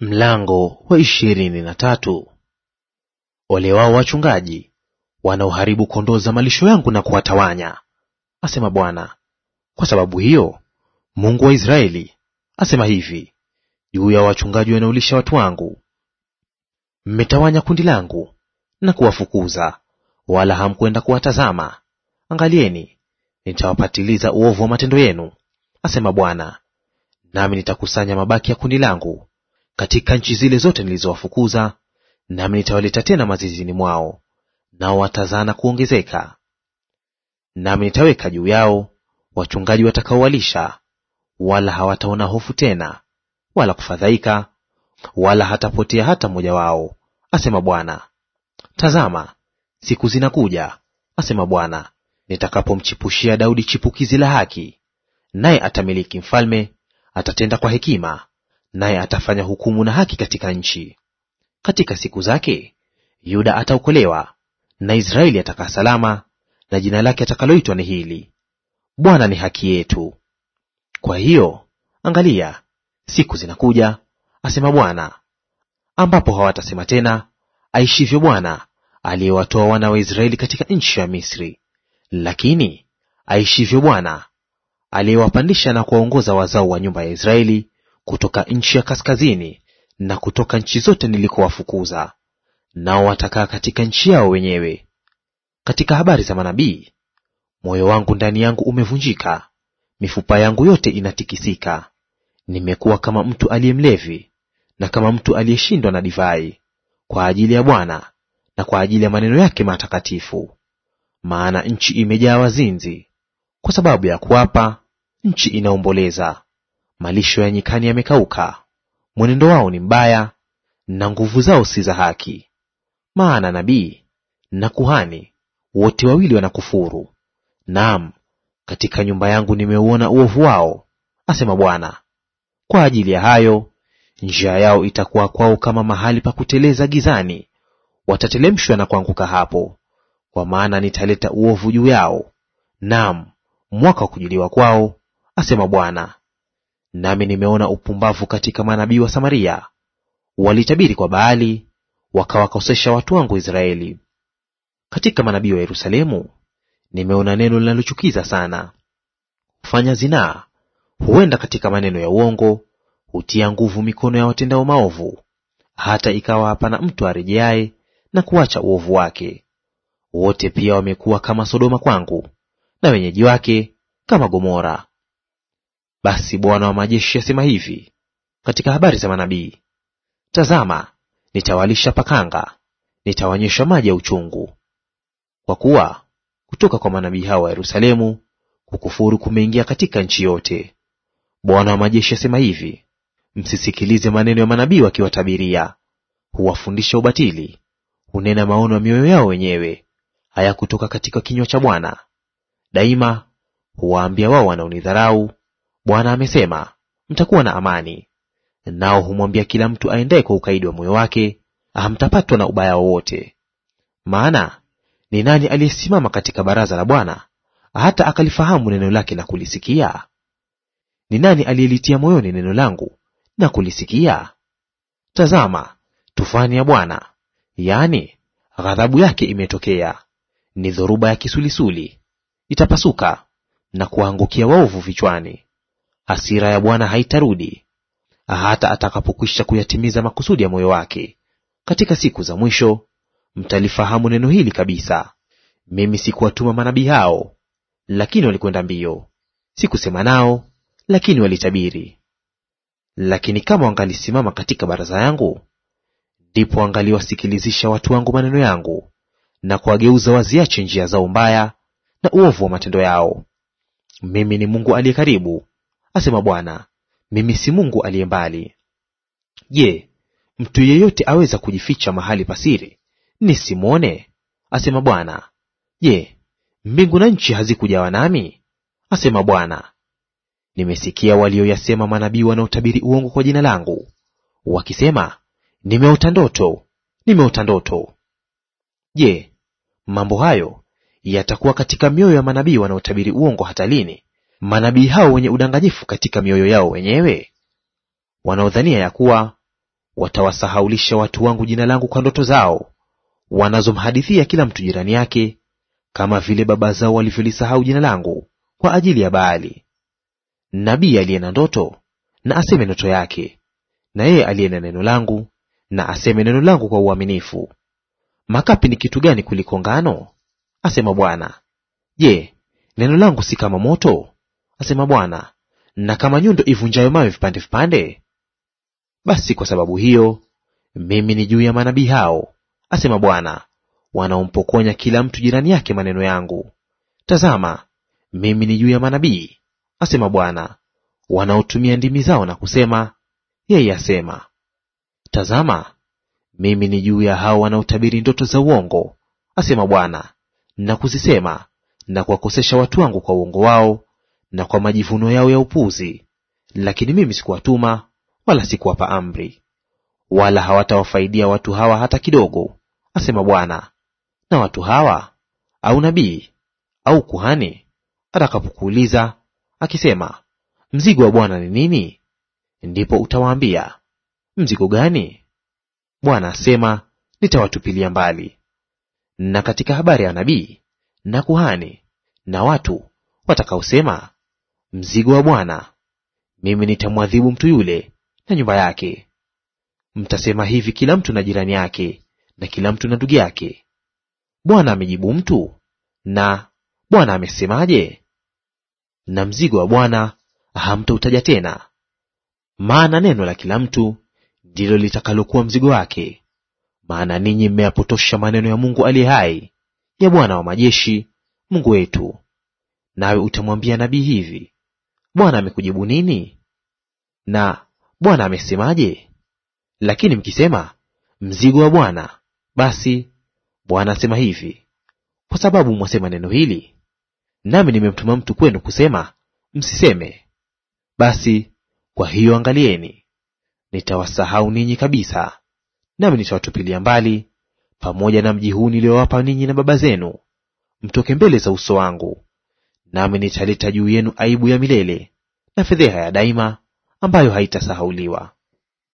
Mlango wa ishirini na tatu. Ole wao wachungaji wanaoharibu kondoo za malisho yangu na kuwatawanya, asema Bwana. Kwa sababu hiyo Mungu wa Israeli asema hivi juu ya wachungaji wanaolisha watu wangu, mmetawanya kundi langu na kuwafukuza, wala hamkwenda kuwatazama. Angalieni, nitawapatiliza uovu wa matendo yenu, asema Bwana, nami nitakusanya mabaki ya kundi langu katika nchi zile zote nilizowafukuza, nami nitawaleta tena mazizini mwao, nao watazaana kuongezeka. Nami nitaweka juu yao wachungaji watakaowalisha, wala hawataona hofu tena wala kufadhaika, wala hatapotea hata mmoja wao, asema Bwana. Tazama, siku zinakuja, asema Bwana, nitakapomchipushia Daudi chipukizi la haki, naye atamiliki mfalme, atatenda kwa hekima naye atafanya hukumu na haki katika nchi. Katika siku zake Yuda ataokolewa na Israeli atakaa salama, na jina lake atakaloitwa ni hili, Bwana ni haki yetu. Kwa hiyo angalia, siku zinakuja, asema Bwana, ambapo hawatasema tena, aishivyo Bwana aliyewatoa wana wa Israeli katika nchi ya Misri, lakini aishivyo Bwana aliyewapandisha na kuwaongoza wazao wa nyumba ya Israeli kutoka nchi ya kaskazini na kutoka nchi zote nilikowafukuza, nao watakaa katika nchi yao wenyewe. Katika habari za manabii, moyo wangu ndani yangu umevunjika, mifupa yangu yote inatikisika. Nimekuwa kama mtu aliye mlevi na kama mtu aliyeshindwa na divai, kwa ajili ya Bwana na kwa ajili ya maneno yake matakatifu. Maana nchi imejaa wazinzi; kwa sababu ya kuapa nchi inaomboleza. Malisho ya nyikani yamekauka, mwenendo wao ni mbaya, na nguvu zao si za haki. Maana nabii na kuhani wote wawili wanakufuru; naam, katika nyumba yangu nimeuona uovu wao, asema Bwana. Kwa ajili ya hayo njia yao itakuwa kwao kama mahali pa kuteleza gizani, watatelemshwa na kuanguka hapo. Kwa maana nitaleta uovu juu yao, naam, mwaka wa kujuliwa kwao, asema Bwana. Nami nimeona upumbavu katika manabii wa Samaria; walitabiri kwa Baali, wakawakosesha watu wangu Israeli. Katika manabii wa Yerusalemu nimeona neno linalochukiza sana. Hufanya zinaa, huenda katika maneno ya uongo, hutia nguvu mikono ya watendao maovu, hata ikawa hapana mtu arejeaye na kuacha uovu wake. Wote pia wamekuwa kama Sodoma kwangu, na wenyeji wake kama Gomora. Basi Bwana wa majeshi asema hivi katika habari za manabii, tazama, nitawalisha pakanga, nitawanyesha maji ya uchungu. Kwa kuwa kutoka kwa manabii hao wa Yerusalemu kukufuru kumeingia katika nchi yote. Bwana wa majeshi asema hivi, msisikilize maneno ya manabii wakiwatabiria; huwafundisha ubatili, hunena maono ya mioyo yao wenyewe, hayakutoka katika kinywa cha Bwana. Daima huwaambia wao wanaonidharau Bwana amesema, mtakuwa na amani. Nao humwambia kila mtu aendaye kwa ukaidi wa moyo wake, hamtapatwa na ubaya wowote. Maana ni nani aliyesimama katika baraza la Bwana hata akalifahamu neno lake na kulisikia? Ni nani aliyelitia moyoni neno langu na kulisikia? Tazama, tufani ya Bwana, yaani ghadhabu yake imetokea, ni dhoruba ya kisulisuli; itapasuka na kuwaangukia waovu vichwani hasira ya Bwana haitarudi hata atakapokwisha kuyatimiza makusudi ya moyo wake. Katika siku za mwisho mtalifahamu neno hili kabisa. Mimi sikuwatuma manabii hao, lakini walikwenda mbio; sikusema nao, lakini walitabiri. Lakini kama wangalisimama katika baraza yangu, ndipo wangaliwasikilizisha watu wangu maneno yangu, na kuwageuza waziache njia zao mbaya na uovu wa matendo yao. Mimi ni Mungu aliye karibu asema Bwana, mimi si Mungu aliye mbali. Je, mtu yeyote aweza kujificha mahali pasiri nisimwone? asema Bwana. Je, mbingu na nchi hazikujawa nami? asema Bwana. Nimesikia walioyasema manabii wanaotabiri uongo kwa jina langu, wakisema, nimeota ndoto, nimeota ndoto. Je, mambo hayo yatakuwa katika mioyo ya manabii wanaotabiri uongo hata lini, manabii hao wenye udanganyifu katika mioyo yao wenyewe, wanaodhania ya kuwa watawasahaulisha watu wangu jina langu kwa ndoto zao wanazomhadithia kila mtu jirani yake, kama vile baba zao walivyolisahau jina langu kwa ajili ya Baali. Nabii aliye na ndoto na aseme ndoto yake, na yeye aliye na neno langu na aseme neno langu kwa uaminifu. Makapi ni kitu gani kuliko ngano? asema Bwana. Je, neno langu si kama moto asema Bwana, na kama nyundo ivunjayo mawe vipande vipande? Basi kwa sababu hiyo mimi ni juu ya manabii hao, asema Bwana, wanaompokonya kila mtu jirani yake maneno yangu. Tazama, mimi ni juu ya manabii, asema Bwana, wanaotumia ndimi zao na kusema, yeye asema. Tazama, mimi ni juu ya hao wanaotabiri ndoto za uongo, asema Bwana, na kuzisema na kuwakosesha watu wangu kwa uongo wao na kwa majivuno yao ya upuzi, lakini mimi sikuwatuma wala sikuwapa amri, wala hawatawafaidia watu hawa hata kidogo, asema Bwana. Na watu hawa au nabii au kuhani atakapokuuliza akisema, mzigo wa Bwana ni nini? Ndipo utawaambia mzigo gani? Bwana asema, nitawatupilia mbali. Na katika habari ya nabii na kuhani na watu watakaosema, mzigo wa Bwana, mimi nitamwadhibu mtu yule na nyumba yake. Mtasema hivi kila mtu na jirani yake, na kila mtu na ndugu yake, Bwana amejibu mtu, na Bwana amesemaje? Na mzigo wa Bwana hamtautaja tena, maana neno la kila mtu ndilo litakalokuwa mzigo wake. Maana ninyi mmeyapotosha maneno ya Mungu aliye hai, ya Bwana wa majeshi, Mungu wetu. Nawe utamwambia nabii hivi, Bwana amekujibu nini? Na Bwana amesemaje? Lakini mkisema mzigo wa Bwana, basi Bwana asema hivi, kwa sababu mwasema neno hili, nami nimemtuma mtu kwenu kusema msiseme, basi kwa hiyo angalieni, nitawasahau ninyi kabisa, nami nitawatupilia mbali pamoja na mji huu niliowapa ninyi na baba zenu, mtoke mbele za uso wangu, nami nitaleta juu yenu aibu ya milele na fedheha ya daima ambayo haitasahauliwa.